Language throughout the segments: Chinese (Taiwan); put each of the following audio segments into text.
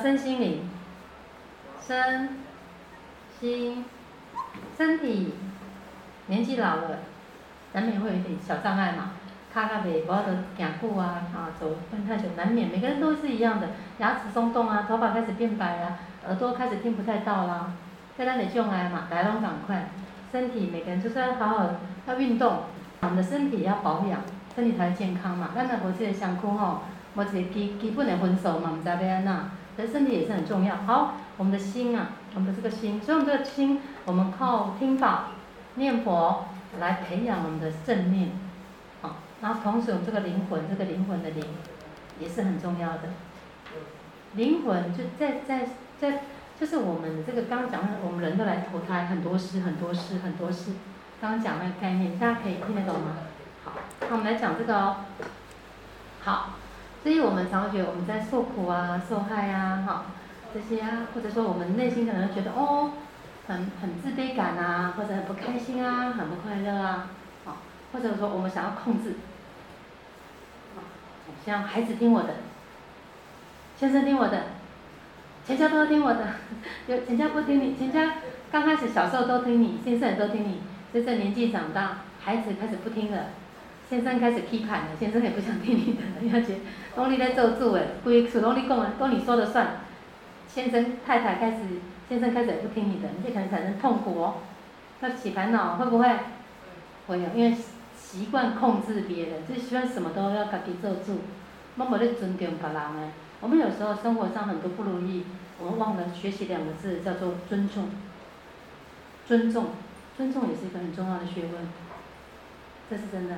身心靈，身心身體年紀老了，難免會有點小障礙嘛，腳甲袂，無要行步啊，啊走分太久，難免每個人都是一樣的，牙齒鬆動啊，頭髮開始變白啊，耳朵開始聽不太到了、啊，在那裡用愛嘛，來龍趕快，身體每個人就是要好好要運動、啊，我們的身體也要保養，身體才會健康嘛。咱在我自己想哭吼，無一個基基本的分數嘛，毋知要按怎。人身體也是很重要。好，我們的心啊，我們的這個心，所以我們這個心，我們靠聽法、念佛來培養我們的正念。好，然後同時我們這個靈魂，這個靈魂的靈，也是很重要的。靈魂就在在在，就是我們這個剛，剛講的，我們人都來投胎，很多事很多事很多事。剛剛講那個概念，大家可以聽得懂嗎？好，那我們來講這個哦。好。所以我們常常覺得我們在受苦啊、受害啊、哈這些啊，或者說我們內心可能覺得哦，很很自卑感啊，或者很不開心啊、很不快樂啊，好，或者說我們想要控制，像孩子聽我的，先生聽我的，全家都聽我的，有全家不聽你，全家剛開始小時候都聽你，先生都聽你，隨着年紀長大，孩子開始不聽了。先生開始批判了，先生也不想聽你的，因為講，攏你在做主的，規事攏你講，都你說了算。先生太太開始，先生開始也不聽你的，你就可能產生痛苦哦、喔。要起煩惱會不會？會有、喔，因為習慣控制別人，就習慣什麼都要自己做主，冇冇咧尊重別人誒。我們有時候生活上很多不如意，我們忘了學習兩個字叫做尊重。尊重，尊重也是一個很重要的學問，這是真的。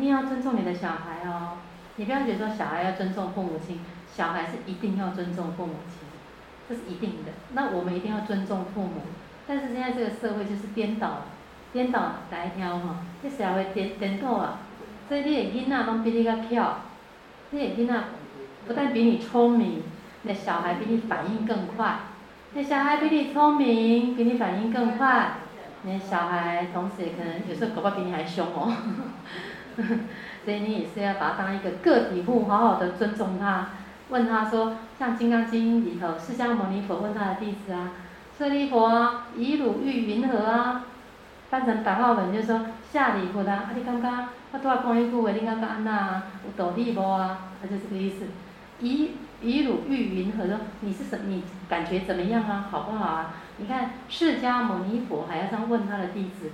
一定要尊重你的小孩哦，你不要覺得說小孩要尊重父母親，小孩是一定要尊重父母親，這是一定的。那我們一定要尊重父母，但是現在這個社會就是顛倒了，顛倒來挑哈，這社會顛顛倒了，所以你的囡仔都比你個跳，你的囡仔不但比你聰明，你的小孩比你反應更快，你，小孩，你，你，快你小孩比你聰明，比你反應更快，你的小孩同時也可能有時候恐怕比你還凶哦。 所以你也是要把他當一個個體戶，好好的尊重他。問他說，像《金剛經》裡頭，釋迦牟尼佛問他的弟子啊：“舍利弗啊，以汝喻云何啊？”翻成白話文就是說：“下利弗啊，阿弟剛剛他多話講一句的，你剛剛啊有道理不啊？”他就這個意思。以以汝喻云何說，你是什你感覺怎麼樣啊？好不好啊？你看釋迦牟尼佛還要這樣問他的弟子，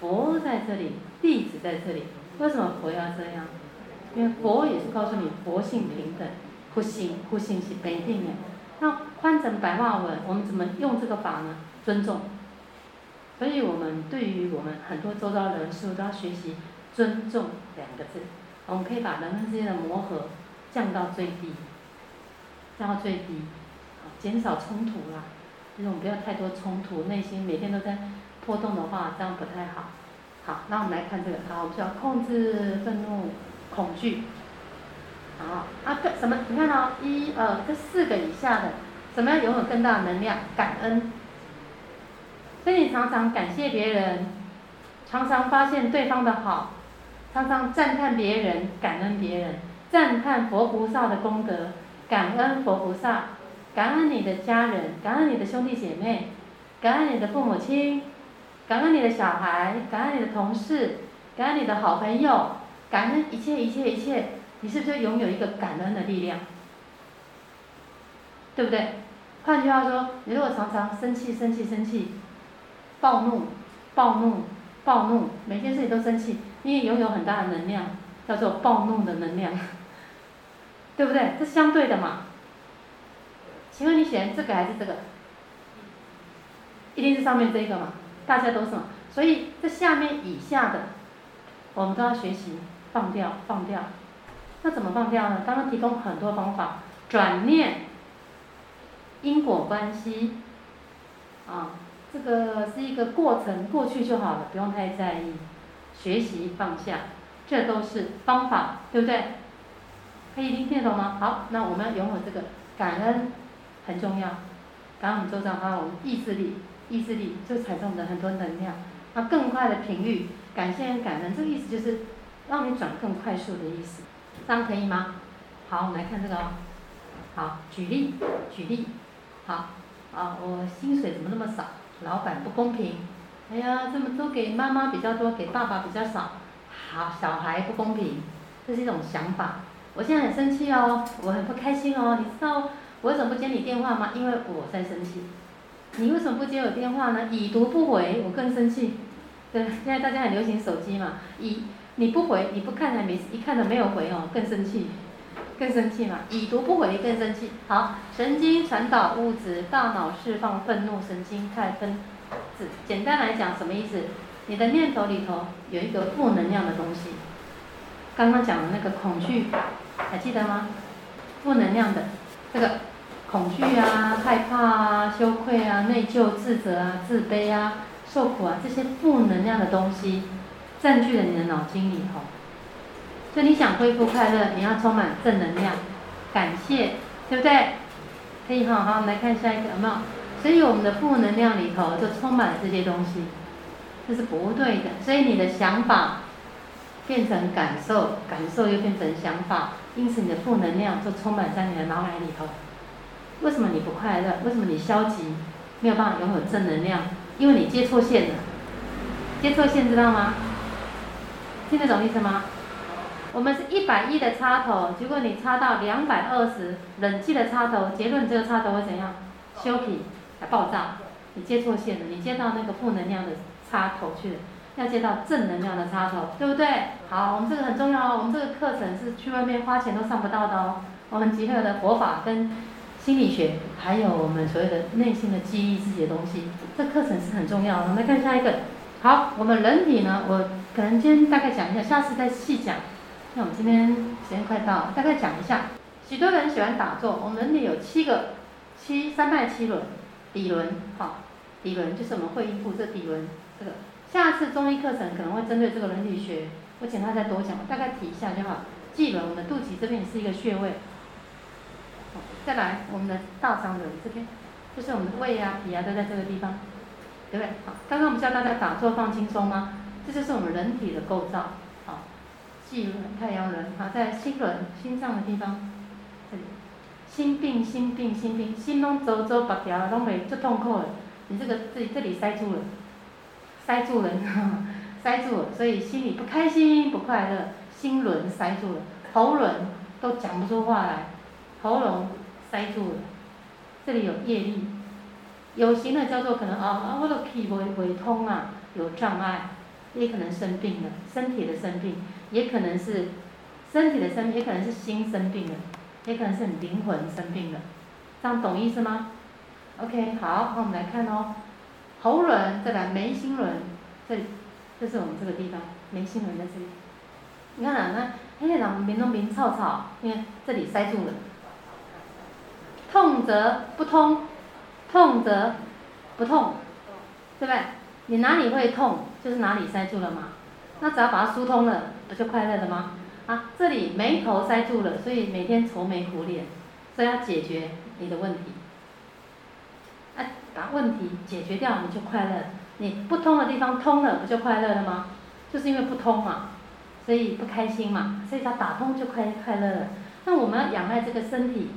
佛在這裡，弟子在這裡。為什麼佛要這樣？因為佛也是告訴你，佛性平等，佛性佛性是必定的。那換成白話文，我們怎麼用這個法呢？尊重。所以我們對於我們很多周遭的人，是不是都要學習尊重兩個字？我們可以把人們之間的磨合降到最低，降到最低，減少衝突啦。就是我們不要太多衝突，內心每天都在波動的話，這樣不太好。好，那我們來看這個。好，我們需要控制憤怒、恐懼。好，啊，這什麼？你看到、哦、一、二，這四個以下的，怎麼樣擁有更大的能量？感恩。所以，你常常感謝別人，常常發現對方的好，常常讚嘆別人，感恩別人，讚嘆佛菩薩的功德，感恩佛菩薩，感恩你的家人，感恩你的兄弟姐妹，感恩你的父母親。感恩你的小孩，感恩你的同事，感恩你的好朋友，感恩一切一切一切。你是不是擁有一個感恩的力量？對不對？換句話說，你如果常常生氣、生氣、生氣，暴怒、暴怒、暴怒，每件事你都生氣，你也擁有很大的能量，叫做暴怒的能量，對不對？這相對的嘛？請問你選這個還是這個？一定是上面這一個嘛？大家都是，所以在下面以下的，我們都要學習放掉，放掉。那怎麼放掉呢？剛剛提供很多方法，轉念、因果關係，啊，這個是一個過程，過去就好了，不用太在意。學習放下，這都是方法，對不對？可以聽聽得懂嗎？好，那我們要擁有這個感恩，很重要。感恩我們周遭，還有意志力。意志力就產生了很多能量，啊，更快的頻率，感謝感恩，這個意思就是讓你轉更快速的意思，這樣可以嗎？好，我們來看這個，哦。好，舉例，舉例，好，啊，我薪水怎麼那麼少？老闆不公平！哎呀，這麼多給媽媽比較多，給爸爸比較少，好，小孩不公平，這是一種想法。我現在很生氣哦，我很不開心哦，你知道我為什麼不接你電話嗎？因為我在生氣。你為什麼不接我電話呢？已讀不回，我更生氣。對，現在大家很流行手機嘛，已你不回，你不看還沒，一看都沒有回哦，更生氣，更生氣嘛，已讀不回更生氣。好，神經傳導物質，大腦釋放憤怒神經肽分子，簡單來講什麼意思？你的念頭裡頭有一個負能量的東西，剛剛講的那個恐懼還記得嗎？負能量的這個。恐懼啊，害怕啊，羞愧啊，內疚、自責啊，自卑啊，受苦啊，這些負能量的東西占據了你的腦筋裡頭。所以你想恢復快樂，你要充滿正能量，感謝，對不對？可以好好我們來看下一個，有沒有？所以我們的負能量裡頭就充滿了這些東西，這是不對的。所以你的想法變成感受，感受又變成想法，因此你的負能量就充滿在你的腦海裡頭。為什麼你不快樂？為什麼你消極？沒有辦法擁有正能量，因為你接錯線了。接錯線知道嗎？聽得懂意思嗎？我們是一百一的插頭，如果你插到兩百二十冷氣的插頭，結論這個插頭會怎樣？修皮，來爆炸。你接錯線了，你接到那個負能量的插頭去了，要接到正能量的插頭，對不對？好，我們這個很重要哦。我們這個課程是去外面花錢都上不到的哦。我們集合了活法跟。心理學，還有我們所謂的內心的激勵自己的東西，這課程是很重要的。我們來看下一個，好，我們人體呢，我可能今天大概講一下，下次再細講。那我們今天時間快到了，大概講一下。許多人喜歡打坐，我們人體有七個七三脈七輪，底輪好、哦，底輪就是我們會陰部這底輪這個。下次中醫課程可能會針對這個人體學，我請他再多講，我大概提一下就好。臍輪，我們肚臍這邊也是一個穴位。再來，我們的大腸輪這邊，就是我們的胃啊、脾啊都在這個地方，對不對？好，剛剛不是叫大家打坐放輕鬆嗎？這就是我們人體的構造。好，氣輪、太陽輪，好，在心輪、心臟的地方，這裡。心病、心病、心病，心攏走走八條，臟臟都沒，就痛苦了。你這個這這裡塞住了，塞住了，塞住了，所以心裡不開心、不快樂。心輪塞住了，喉輪都講不出話來。喉嚨塞住了，這裡有業力，有形的叫做可能啊、哦哦、我的氣胃未通啊，有障礙，也可能生病了，身體的生病，也可能是身體的生病，也可能是心生病了，也可能是你靈魂生病了，這樣懂意思嗎？OK，好，那我們來看哦，喉輪再來眉心輪，這這、就是我們這個地方，眉心輪在這裡，你看啊，那嘿，老、哎、人都面臭臭你看這裡塞住了。痛則不通，痛則不痛，對不對？你哪裡會痛，就是哪裡塞住了嘛。那只要把它疏通了，不就快樂了嗎？啊，這裡眉頭塞住了，所以每天愁眉苦臉，所以要解決你的問題。啊，把問題解決掉，你就快樂了。你不通的地方通了，不就快樂了嗎？就是因為不通嘛，所以不開心嘛，所以它打通就快快樂了。那我們要仰賴這個身體。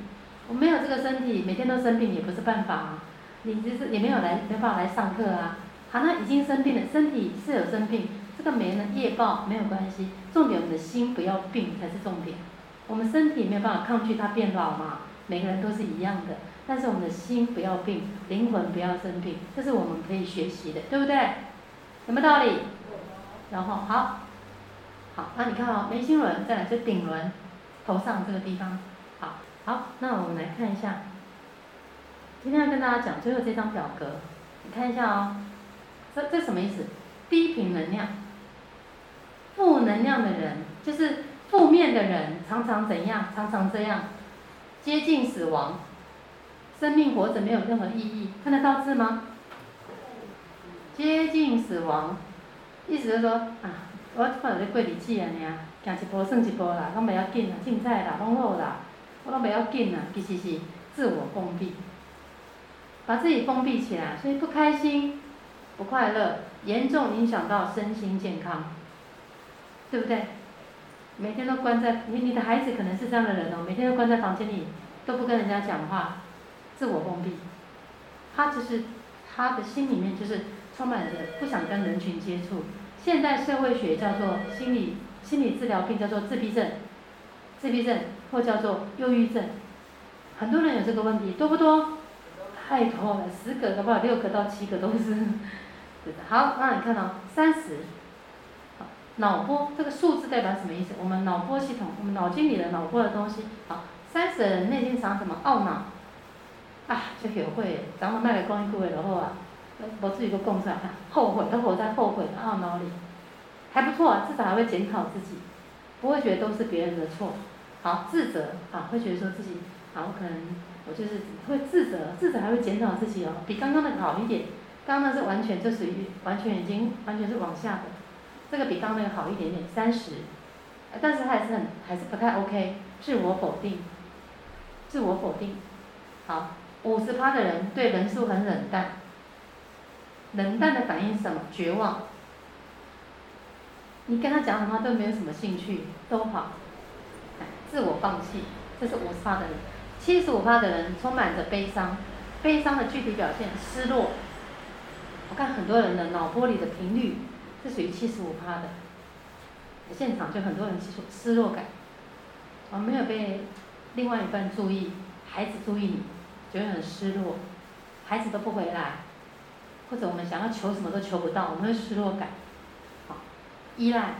我沒有這個身體，每天都生病也不是辦法，啊。你就是也沒有來，沒有辦法來上課啊。好、啊，那已經生病了，身體是有生病，這個沒呢業報沒有關係，重點我們的心不要病才是重點。我們身體也沒有辦法抗拒它變老嘛，每個人都是一樣的。但是我們的心不要病，靈魂不要生病，這是我們可以學習的，對不對？什麼道理？然後好，好，那你看哦，眉心輪再來就頂輪，頭上這個地方，好。好，那我們來看一下，今天要跟大家講最後這張表格，你看一下哦，這這什麼意思？低頻能量，負能量的人就是負面的人，常常怎樣？常常這樣，接近死亡，生命活着沒有任何意義。看得到字嗎？接近死亡，意思是說啊，我看有咧過日子啊，爾，行一波，步，算一步啦，我袂要緊了凊彩啦，攏好啦。我都沒要緊了，嘻嘻嘻，自我封閉，把自己封閉起來，所以不開心、不快樂，嚴重影響到身心健康，對不對？每天都關在你，你的孩子可能是這樣的人哦，每天都關在房間裡，都不跟人家講話，自我封閉。他其實他的心裡面就是充滿了不想跟人群接觸。現代社會學叫做心理心理治療病叫做自閉症。自閉症或叫做憂鬱症，很多人有這個問題，多不多？太多了，十個好不好？六個到七個都是。對的，好，那你看到、哦、三十，腦波這個數字代表什麼意思？我們腦波系統，我們腦筋裡的腦波的東西。好，三十的人內心藏什麼懊惱？啊，就學會，咱們賣來講一問，的話，啊，我自己都供出來，後悔，生活在後悔的懊惱裡，還不錯啊，至少還會檢討自己。不會覺得都是別人的錯，好自責啊，會覺得說自己好，可能我就是會自責，自責還會檢討自己哦，比剛剛那個好一點，剛剛那是完全就屬於完全已經完全是往下的，這個比剛剛那個好一點點，三十，但是他還是很還是不太 OK，自我否定，自我否定，好，五十趴的人對人數很冷淡，冷淡的反應是什麼、嗯、絕望。你跟他講什麼都沒有什麼興趣，都好，自我放棄，這是五十趴的人，七十五趴的人充滿着悲傷，悲傷的具體表現失落。我看很多人的腦波裡的頻率是屬於七十五趴的，現場就很多人失失落感，我沒有被另外一半注意，孩子注意你，覺得很失落，孩子都不回來，或者我們想要求什麼都求不到，我們會失落感。依賴，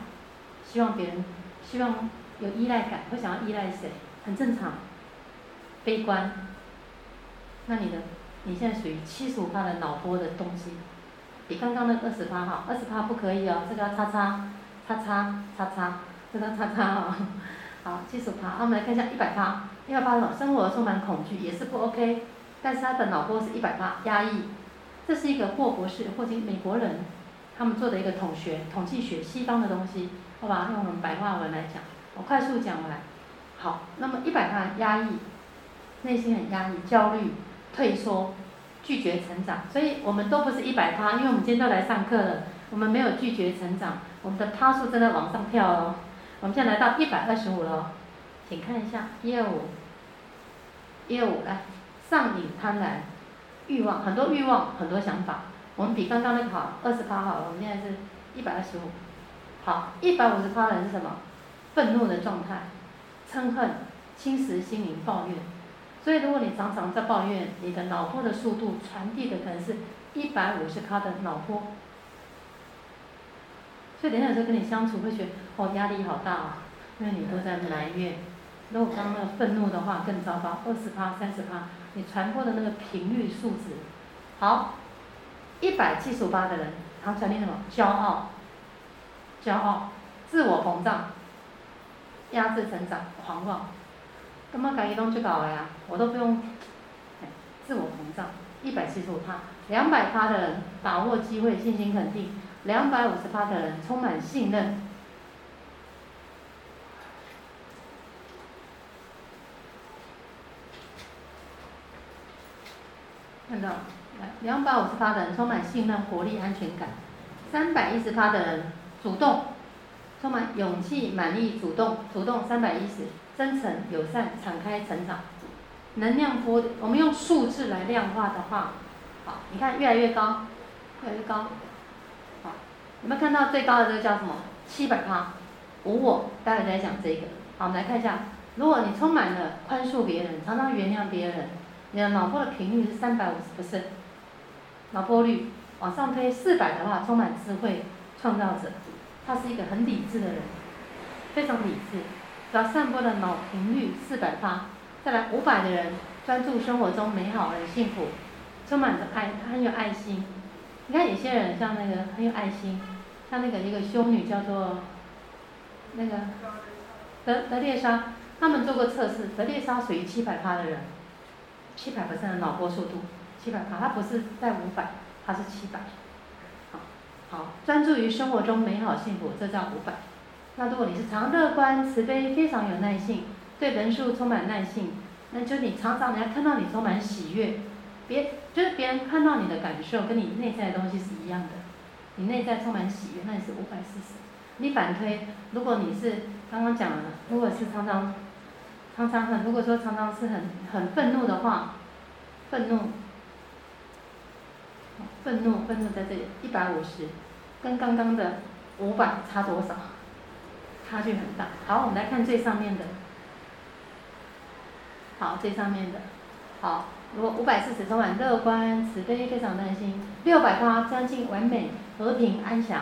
希望別人，希望有依賴感，會想要依賴誰，很正常。悲觀，那你的，你現在屬於七十五趴的腦波的東西，比剛剛那二十趴好，二十趴不可以哦，這個要叉叉叉叉叉叉，叉叉，這個叉叉哦。好，七十五趴，那我們來看一下一百趴，一百趴了，生活充滿恐懼也是不 OK，但是他的腦波是一百趴，壓抑，這是一個霍博士，霍金斯，美國人。他們做的一個統學，統計學西方的東西，我把它用我們白話文來講，我快速講完。好，那麼一百趴壓抑，內心很壓抑，焦慮，退縮，拒絕成長。所以我們都不是一百趴，因為我們今天都來上課了，我們沒有拒絕成長，我們的趴數正在往上跳哦。我們現在來到一百二十五了，請看一下，一二五，一二五來，上癮、貪婪、慾望，很多慾望，很多想法。我們比剛剛那個好，二十趴好了，我們現在是，一百二十五，好，一百五十趴的人是什麼？憤怒的狀態，嗔恨，侵蝕心靈，抱怨。所以如果你常常在抱怨，你的腦波的速度傳遞的可能是一百五十趴的腦波。所以等下有時候跟你相處會覺得哦壓力好大哦，啊，因為你都在埋怨。如果剛剛那憤怒的話更糟糕，二十趴，三十趴，你傳播的那個頻率數值，好。一百七十五的人，他成立什麼？驕傲，驕傲，自我膨脹，壓制成長，狂妄。幹嘛搞移動就搞了呀？我都不用。自我膨脹，一百七十五趴，兩百趴的人把握機會，信心肯定，兩百五十趴的人充滿信任。看到。兩百五十趴的人充滿信任、活力、安全感；三百一十趴的人主動、充滿勇氣、滿意、主動、主動；三百一十真誠、友善、敞開、成長。能量波，我們用數字來量化的話，好，你看越來越高，越來越高。好，有沒有看到最高的這個叫什麼？七百趴，無我，我。待會再講這個。好，我們來看一下，如果你充滿了寬恕別人，常常原諒別人，你的腦部的頻率是三百五十，不是？腦波率往上推四百的話，充滿智慧創造者，他是一個很理智的人，非常理智。只要散播的腦頻率四百發，再來五百的人專注生活中美好而幸福，充滿着愛，他很有愛心。你看有些人像那個很有愛心，像那個一個修女叫做那個德德蕾莎，他們做過測試，德蕾莎屬於七百發的人，七百赫茲的腦波速度。七百卡，它不是在五百，它是七百。好，好，專注於生活中美好幸福，這叫五百。那如果你是常樂觀、慈悲，非常有耐性，對人事物充滿耐性，那就你常常人家看到你充滿喜悅，別就是別人看到你的感受跟你內在的東西是一樣的，你內在充滿喜悅，那你是五百四十。你反推，如果你是剛剛講了，如果是常常常常很，如果說常常是很很憤怒的話，憤怒。憤怒，憤怒在這裡，一百五十，跟剛剛的五百差多少？差距很大。好，我們來看最上面的。好，最上面的。好，如果五百四十充滿樂觀、慈悲，非常擔心；六百八，將近完美、和平、安詳；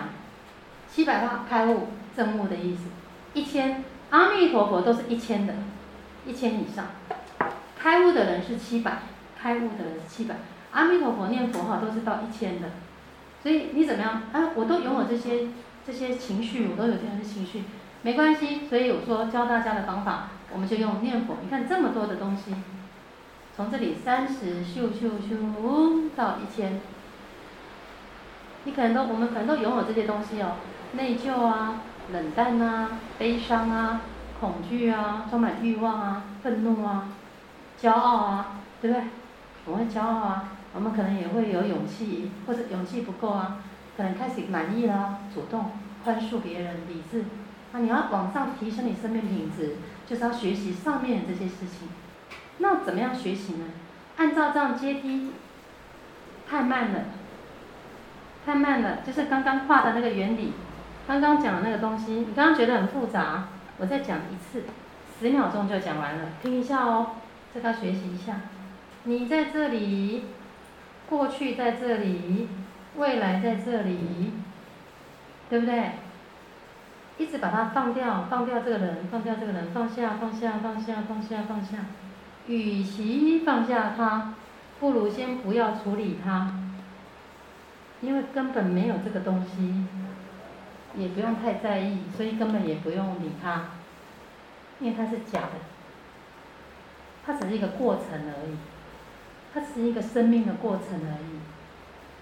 七百八，開悟、正悟的意思。一千，阿彌陀佛，都是一千的，一千以上。開悟的人是七百，開悟的人是七百。阿彌陀佛，念佛哈、啊，都是到一千的，所以你怎麼樣？哎、啊，我都擁有這些這些情緒，我都有這樣的情緒，沒關係。所以我說教大家的方法，我們就用念佛。你看這麼多的東西，從這裡三十咻咻咻到一千，你可能都我們可能都擁有這些東西哦：內疚啊，冷淡啊，悲傷啊，恐懼啊，充滿欲望啊，憤怒啊，驕傲啊，對不對？我很驕傲啊。我們可能也會有勇氣，或者勇氣不夠啊，可能開始滿意了啊，主動寬恕別人，理智啊。你要往上提升你生命品質，就是要學習上面的這些事情。那怎麼樣學習呢？按照這樣階梯，太慢了，太慢了。就是剛剛畫的那個原理，剛剛講的那個東西，你剛剛覺得很複雜，我再講一次，十秒鐘就講完了，聽一下哦，再要學習一下。你在這裡。過去在這裡，未來在這裡，對不對？一直把它放掉，放掉這個人，放掉這個人，放下，放下，放下，放下，放下。與其放下他，不如先不要處理他，因為根本沒有這個東西，也不用太在意，所以根本也不用理他，因為它是假的，它只是一個過程而已。它只是一個生命的過程而已。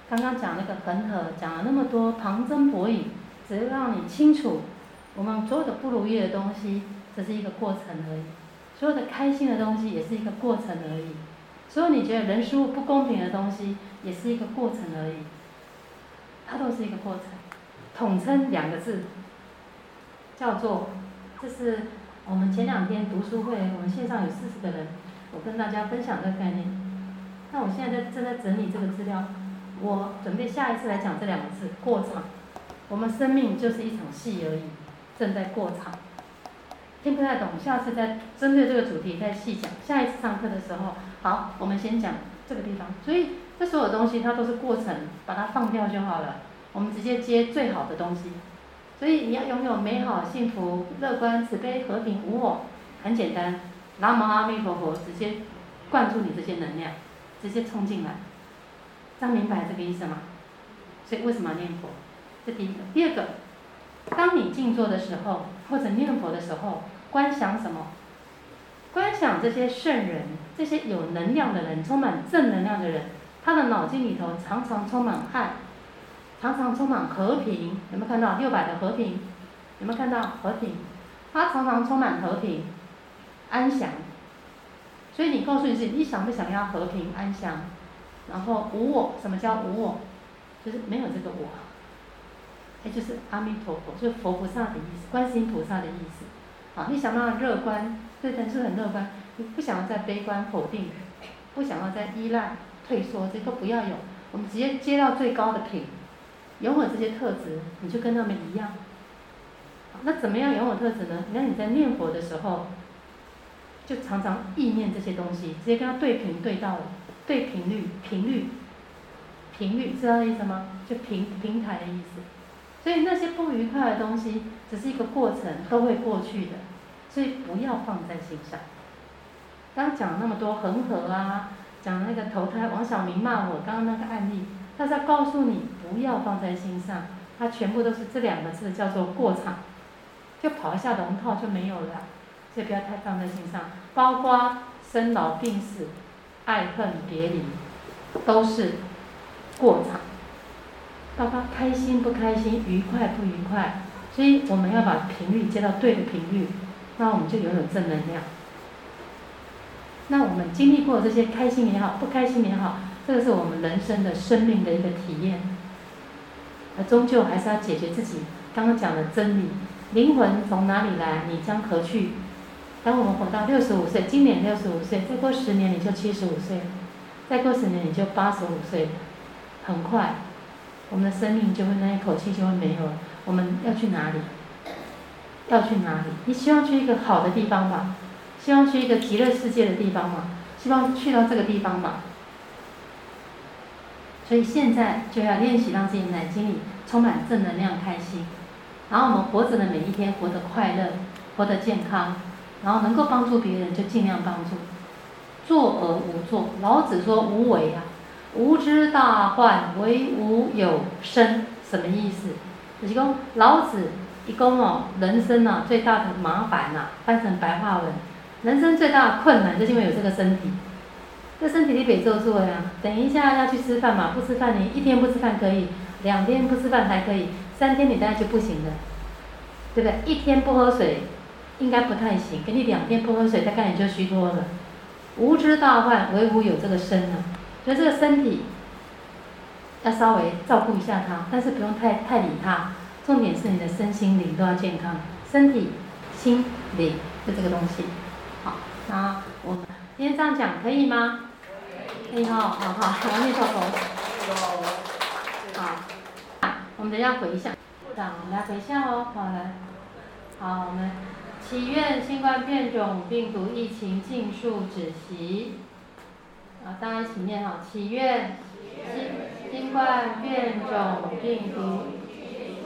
剛剛講那個恆河，講了那麼多旁徵博引，只要讓你清楚，我們所有的不如意的東西，只是一個過程而已；所有的開心的東西，也是一個過程而已；所有你覺得人事物不公平的東西，也是一個過程而已。它都是一個過程，統稱兩個字，叫做“這是我們前兩天讀書會，我們線上有四十個人，我跟大家分享的概念”。那我現在在正在整理這個資料，我準備下一次來講這兩個字過場。我們生命就是一場戲而已，正在過場，聽不太懂，下次再針對這個主題再細講。下一次上課的時候，好，我們先講這個地方。所以這所有東西它都是過程，把它放掉就好了。我們直接接最好的東西。所以你要擁有美好、幸福、樂觀、慈悲、和平、無我，很簡單，南無阿彌陀佛，直接灌注你這些能量。直接衝進來，大家明白這個意思嗎？所以為什麼要念佛？這第一個。第二個，當你靜坐的時候或者念佛的時候，觀想什麼？觀想這些聖人，這些有能量的人，充滿正能量的人，他的腦筋裡頭常常充滿愛，常常充滿和平。有沒有看到六百的和平？有沒有看到和平？他常常充滿和平、安詳。所以你告訴你自己，你想不想要和平安詳，然後無我？什麼叫無我？就是沒有這個我。哎，就是阿彌陀佛，就是佛菩薩的意思，觀世音菩薩的意思。好，你想要樂觀，對，但是很樂觀。你不想要再悲觀否定，不想要再依賴退縮，這都不要有。我們直接接到最高的品，擁有這些特質，你就跟他們一樣。那怎麼樣擁有特質呢？你看你在念佛的時候。就常常意念這些東西，直接跟他對頻對到了，對頻率，頻率，頻率，知道那意思嗎？就平平台的意思。所以那些不愉快的東西，只是一個過程，都會過去的，所以不要放在心上。剛講那麼多恆河啊，講那個投胎，王小明罵我剛剛那個案例，他是要告訴你不要放在心上，他全部都是這兩個字，叫做過場，就跑一下龍套就沒有了。這不要太放在心上，包括生老病死、愛恨別離，都是過場。包括開心不開心、愉快不愉快，所以我們要把頻率接到對的頻率，那我們就擁有，有正能量。那我們經歷過這些開心也好、不開心也好，這個是我們人生的生命的一個體驗。而終究還是要解決自己剛剛講的真理：靈魂從哪裡來？你將何去？當我們活到六十五歲，今年六十五歲，再過十年你就七十五歲，再過十年你就八十五歲，很快，我們的生命就會那一口氣就會沒有了。我們要去哪裡？要去哪裡？你希望去一個好的地方吧？希望去一個極樂世界的地方嗎？希望去到這個地方嗎？所以現在就要練習讓自己的眼睛裡充滿正能量、開心，然後我們活着的每一天活得快樂、活得健康。然後能夠幫助別人，就盡量幫助。做而無做，老子說無為啊，無之大患為吾有身，什麼意思？老子一共哦，人生吶、啊、最大的麻煩吶、啊，翻成白話文，人生最大的困難就是因為有這個身體。這身體你得做做呀、啊，等一下要去吃飯嘛，不吃飯你一天不吃飯可以，兩天不吃飯還可以，三天你再去不行的，對不對？一天不喝水。應該不太行，給你兩天不喝水，大概你就虛脫了。無知大患，唯吾有這個身呢、啊。所以這個身體要稍微照顧一下它，但是不用太太理它。重點是你的身心靈都要健康，身體、心、靈就這個東西。好，那我今天這樣講可以嗎？可以。可以好，好，好好，王麗超。好，謝謝。好，我們等一下回一下。部長，我們來回一下哦。好嘞。好，我們。祈願新冠變種病毒疫情盡數止息，啊，大家一起念哈。祈願新新冠變種病毒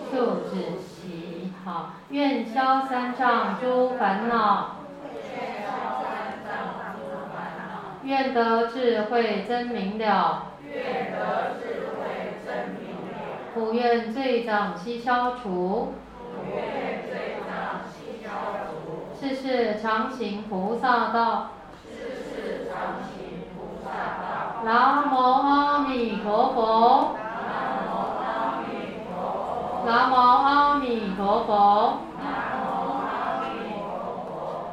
速止息好，願消三障諸煩惱，願得智慧真明了，普願，願，願罪障期消除。世世常行菩薩道，世世常行菩薩道，南無阿彌陀佛，南無阿彌陀佛，南無阿彌陀佛，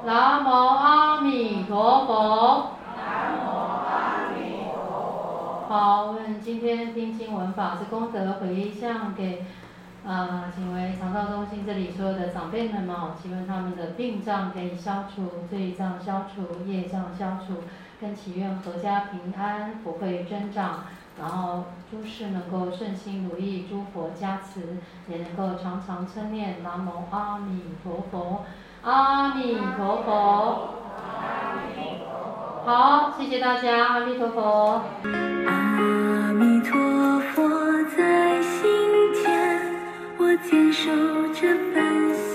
南無阿彌陀佛。好，我、嗯、們今天聽經聞法是功德回向給。啊、呃，請為長道中心這裡所有的長輩們嘛，請問他們的病障可以消除，罪障消除，業障，障消除，更祈願闔家平安，福慧增長，然後諸事能夠順心如意，諸佛加持，也能夠常常稱念南無阿彌陀佛，阿彌陀佛。好，謝謝大家，阿彌陀佛。嗯堅守着本心。